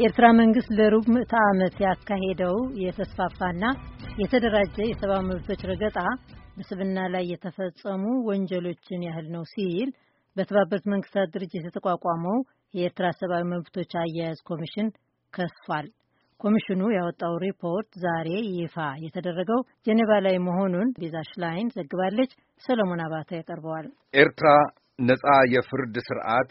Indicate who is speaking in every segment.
Speaker 1: የኤርትራ መንግስት ለሩብ ምዕተ ዓመት ያካሄደው የተስፋፋና የተደራጀ የሰብአዊ መብቶች ረገጣ በስብና ላይ የተፈጸሙ ወንጀሎችን ያህል ነው ሲል በተባበሩት መንግስታት ድርጅት የተቋቋመው የኤርትራ ሰብአዊ መብቶች አያያዝ ኮሚሽን ከሷል። ኮሚሽኑ ያወጣው ሪፖርት ዛሬ ይፋ የተደረገው ጀኔቫ ላይ መሆኑን ቤዛ ሽላይን ዘግባለች። ሰለሞን አባተ ያቀርበዋል።
Speaker 2: ኤርትራ ነጻ የፍርድ ስርዓት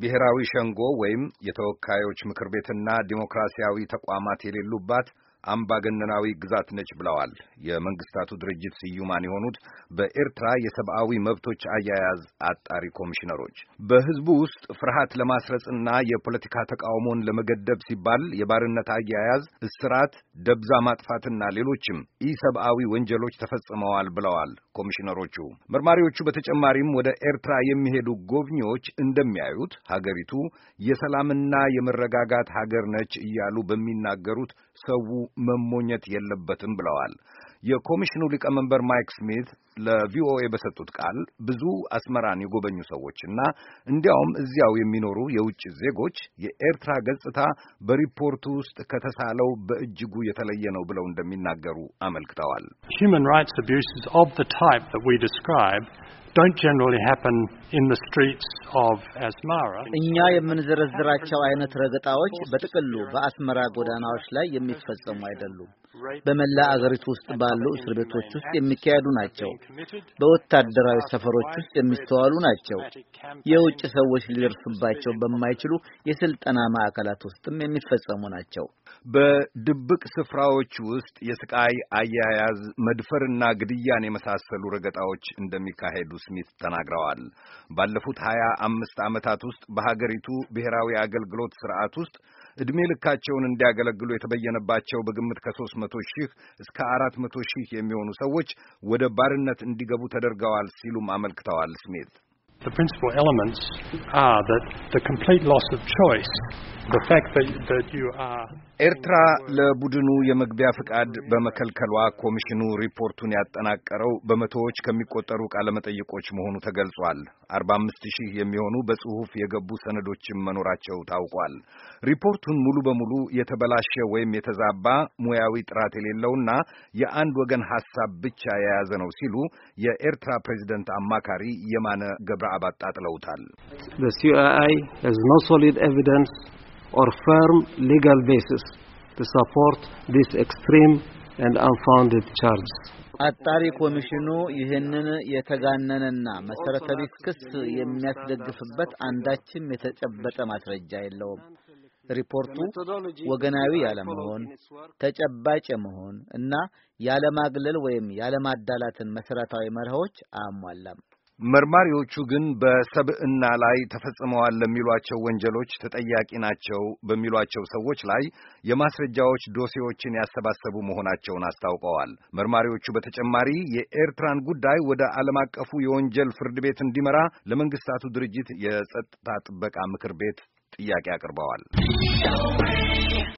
Speaker 2: ብሔራዊ ሸንጎ ወይም የተወካዮች ምክር ቤትና ዲሞክራሲያዊ ተቋማት የሌሉባት አምባገነናዊ ግዛት ነች ብለዋል። የመንግስታቱ ድርጅት ስዩማን የሆኑት በኤርትራ የሰብአዊ መብቶች አያያዝ አጣሪ ኮሚሽነሮች በህዝቡ ውስጥ ፍርሃት ለማስረጽና የፖለቲካ ተቃውሞን ለመገደብ ሲባል የባርነት አያያዝ፣ እስራት፣ ደብዛ ማጥፋትና ሌሎችም ኢሰብአዊ ወንጀሎች ተፈጽመዋል ብለዋል ኮሚሽነሮቹ። መርማሪዎቹ በተጨማሪም ወደ ኤርትራ የሚሄዱ ጎብኚዎች እንደሚያዩት ሀገሪቱ የሰላምና የመረጋጋት ሀገር ነች እያሉ በሚናገሩት ሰው መሞኘት የለበትም ብለዋል። የኮሚሽኑ ሊቀመንበር ማይክ ስሚት ለቪኦኤ በሰጡት ቃል ብዙ አስመራን የጎበኙ ሰዎችና እንዲያውም እዚያው የሚኖሩ የውጭ ዜጎች የኤርትራ ገጽታ በሪፖርቱ ውስጥ ከተሳለው በእጅጉ የተለየ ነው ብለው እንደሚናገሩ አመልክተዋል።
Speaker 1: እኛ የምንዘረዝራቸው አይነት ረገጣዎች በጥቅሉ በአስመራ ጎዳናዎች ላይ የሚፈጸሙ አይደሉም። በመላ አገሪቱ ውስጥ ባሉ እስር ቤቶች ውስጥ የሚካሄዱ ናቸው። በወታደራዊ uh, ሰፈሮች ውስጥ የሚስተዋሉ ናቸው። የውጭ ሰዎች ሊደርሱባቸው በማይችሉ የስልጠና ማዕከላት ውስጥም
Speaker 2: የሚፈጸሙ ናቸው። በድብቅ ስፍራዎች ውስጥ የስቃይ አያያዝ፣ መድፈርና ግድያን የመሳሰሉ ረገጣዎች እንደሚካሄዱ ስሚት ተናግረዋል። ባለፉት ሀያ አምስት ዓመታት ውስጥ በሀገሪቱ ብሔራዊ አገልግሎት ስርዓት ውስጥ ዕድሜ ልካቸውን እንዲያገለግሉ የተበየነባቸው በግምት ከሦስት መቶ ሺህ እስከ አራት መቶ ሺህ የሚሆኑ ሰዎች ወደ ባርነት እንዲገቡ ተደርገዋል ሲሉም አመልክተዋል ስሜት The principal elements are that the complete loss of choice ኤርትራ ለቡድኑ የመግቢያ ፍቃድ በመከልከሏ ኮሚሽኑ ሪፖርቱን ያጠናቀረው በመቶዎች ከሚቆጠሩ ቃለመጠይቆች መሆኑ ተገልጿል። አርባ አምስት ሺህ የሚሆኑ በጽሑፍ የገቡ ሰነዶችም መኖራቸው ታውቋል። ሪፖርቱን ሙሉ በሙሉ የተበላሸ ወይም የተዛባ ሙያዊ ጥራት የሌለውና የአንድ ወገን ሐሳብ ብቻ የያዘ ነው ሲሉ የኤርትራ ፕሬዚደንት አማካሪ የማነ ገብረአብ አጣጥለውታል።
Speaker 1: or firm legal basis to support this extreme and unfounded charge. አጣሪ ኮሚሽኑ ይህንን የተጋነነና መሰረተ ቢስ ክስ የሚያስደግፍበት አንዳችም የተጨበጠ ማስረጃ የለውም። ሪፖርቱ ወገናዊ ያለመሆን ተጨባጭ የመሆን እና ያለማግለል ወይም ያለማዳላትን መሰረታዊ መርሆች አያሟላም።
Speaker 2: መርማሪዎቹ ግን በሰብዕና ላይ ተፈጽመዋል ለሚሏቸው ወንጀሎች ተጠያቂ ናቸው በሚሏቸው ሰዎች ላይ የማስረጃዎች ዶሴዎችን ያሰባሰቡ መሆናቸውን አስታውቀዋል። መርማሪዎቹ በተጨማሪ የኤርትራን ጉዳይ ወደ ዓለም አቀፉ የወንጀል ፍርድ ቤት እንዲመራ ለመንግስታቱ ድርጅት የጸጥታ ጥበቃ ምክር ቤት ጥያቄ አቅርበዋል።